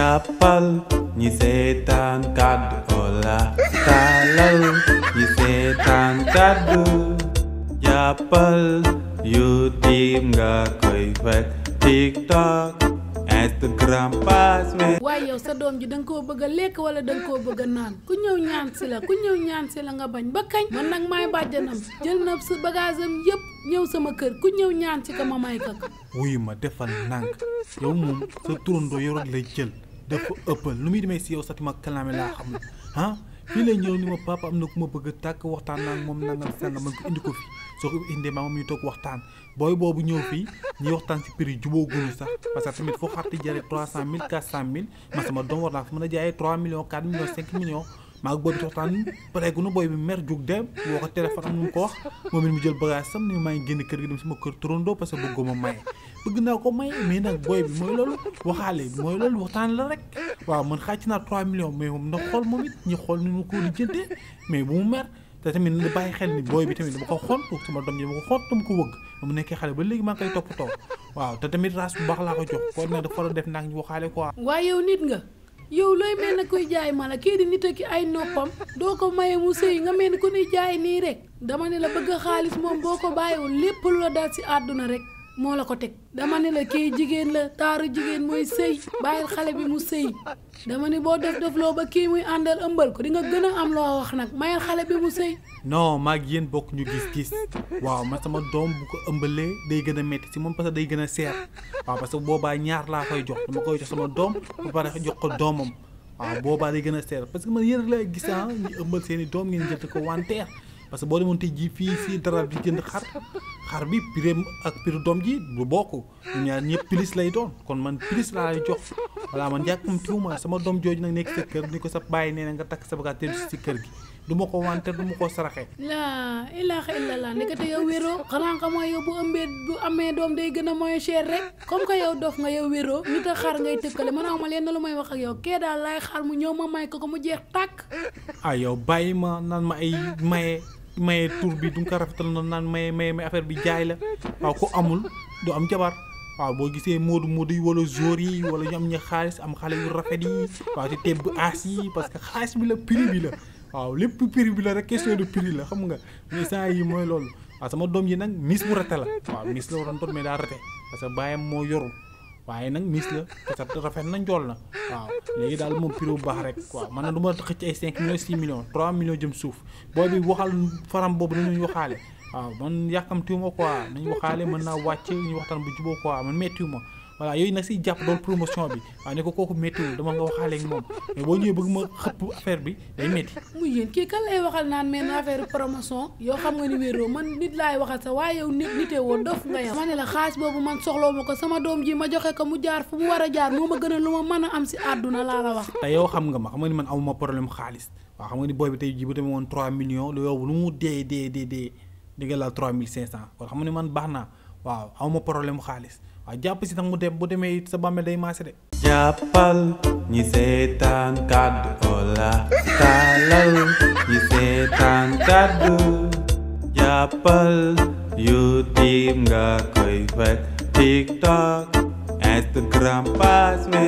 ñàppal ñi seetaan kàddu Ola taalal ñi nga koy fekk TikTok Instagram Passme. waaye yow sa doom ji da ko koo bëgg a lekk wala da nga bëgg naan ku ñëw ñaan si la ku ñëw ñaan la nga bañ ba kañ. man nag maay bàjjanam jël na sa bagage ñëw sama kër ku ñëw ñaan si ma may kak wuyu ma defal nànk yow moom sa turandoo yorot lay jël. dafa ëppal lu muy demee si yow satuma kalaame laa xam na ah fii la ñëw ni ma papa am na ku ma bëgg tàkk waxtaan naa moom nangam sangam man ko indi ko fi soo ko indee maam ñu toog waxtaan booy boobu ñëw fii ñuy waxtaan si prix jubóoguñu sax parce que tamit foo xarti jare trois cent mille quatre sama doom war naa ko mën a jaayee trois millions quatre millions maa ngi booy bi waxtaan pareegunu booy bi mer jug dem woo ko téléphone am nu mu ko wax moom it mu jël bagage bëgg naa ko may mais nag booy bi mooy loolu waxaale bi mooy loolu waxtaan la rek waaw man xàcc naa 3 millions mais moom ndax ñu xool nu ñu ko lijjantee mais bu mu mer te tamit na bàyyi xel ni booy bi tamit dama ko xont sama doom ji dama ko xont wëgg mu nekkee xale ba léegi maa ngi koy toppatoo waaw te tamit race bu baax laa ko jox kon nag dafa war a def naag ñu waxaale quoi. waaye yow nit nga. yow looy mel na kuy jaay a kii di nit ki ay noppam doo ko maye mu sëy nga mel ni ko nuy jaay nii rek dama ne la bëgg xaalis moom boo ko bàyyiwul lépp lu la dal ci àdduna rek moo la ko teg dama ne la kii jigéen la taaru jigéen mooy sëy bàyyil xale bi mu sëy dama ne boo def def loo ba kii muy àndal ëmbal ko di nga gën a am loo wax nag mayal xale bi mu sëy non maag yéen bokk ñu gis-gis waaw man sama doom bu ko ëmbalee day gën a métti si moom parce que day gën a seer waaw parce que boobaa ñaar laa koy jox dama koy jox sama doom ba pare jox ko doomam waaw boobaa day gën a seer parce que ma yéen rek lay gis ah ñu ëmbal seen i doom ngeen ko wanteer parce que boo demoon tey ji fii si dara di jënd xar xar bi pireem ak piru doom ji bu bokk ñu ñaar ñëpp pilis lay doon kon man pilis laa lay jox voilà man yàkkamtiwuma sama doom jooju nag nekk sa bàyyi nee na nga takk sa bagaas te si kër gi du ma ko wante du ma ko saraxe laa ilaaha illallaah yow wéroo xanaa nga mooy yow bu ëmbee bu amee doom day gën a mooy cher rek comme que yow dof nga yow wéroo nit a xar ngay tëkkale man awma leen na lu may wax ak yow kee daal laay xaar mu ñëw ma may ko ko mu jeex tàkk ah yow bàyyi ma naan ma ay maye maye tur bi du nga ko rafetal noonu naan maye maye maye affaire bi jaay la waaw ko amul du am jabar waaw boo gisee moodu moodu yi wala joor yi wala ñu am ñu xaalis am xale yu rafet yi waaw te tebb aas yi parce que xaalis bi la prix bi la waaw lépp prix bi la rek question de prix la xam nga mais saa yi mooy loolu waaw sama doom yi nag miss bu rate la waaw miss la waroon doon mais daa rate parce que bàyyam moo yorul waaye nag miis la te rafet na njool na waaw léegi daal moom prix bu baax rek waaw man na du ma xëcc ay 5 millions 6 millions 3 millions jëm suuf booy bi waxal faram boobu dañuy waxaale waaw man yàkkamtiwuma quoi nañ waxaale mën naa wàcc ñu waxtaan bu juboo quoi man méttiwuma voilà yooyu nag si jàpp doon promotion bi waaw ne ko kooku méttiwul dama nga waxaale ak moom mais boo ñëwee bëgg ma xëpp affaire bi day métti muy yéen kii kan lay waxal naan mais affaire promotion yow xam nga ni wéeroo man nit laay waxal sa waaye yow nit nitee woon dof nga yam ma ne la xaalis boobu man soxloo ma ko sama doom ji ma joxe ko mu jaar fu mu war a jaar moo ma gën a lu ma mën a am si àdduna laa la wax te yow xam nga ma xam nga ni man amuma problème xaalis waaw xam nga ni booy bi tey ji bu demee woon 3 millions lu yow lu mu dee dee dee di nga laal 3500 xam nga ni man baax naa waaw amuma problème xaalis waaw jàpp si nag mu dem bu demee it sa bàmmeel day maase de. jàppal ñi seetaan kàddu Ola taalal ñi seetaan kàddu jàppal YouTube nga koy fekk TikTok Instagram pass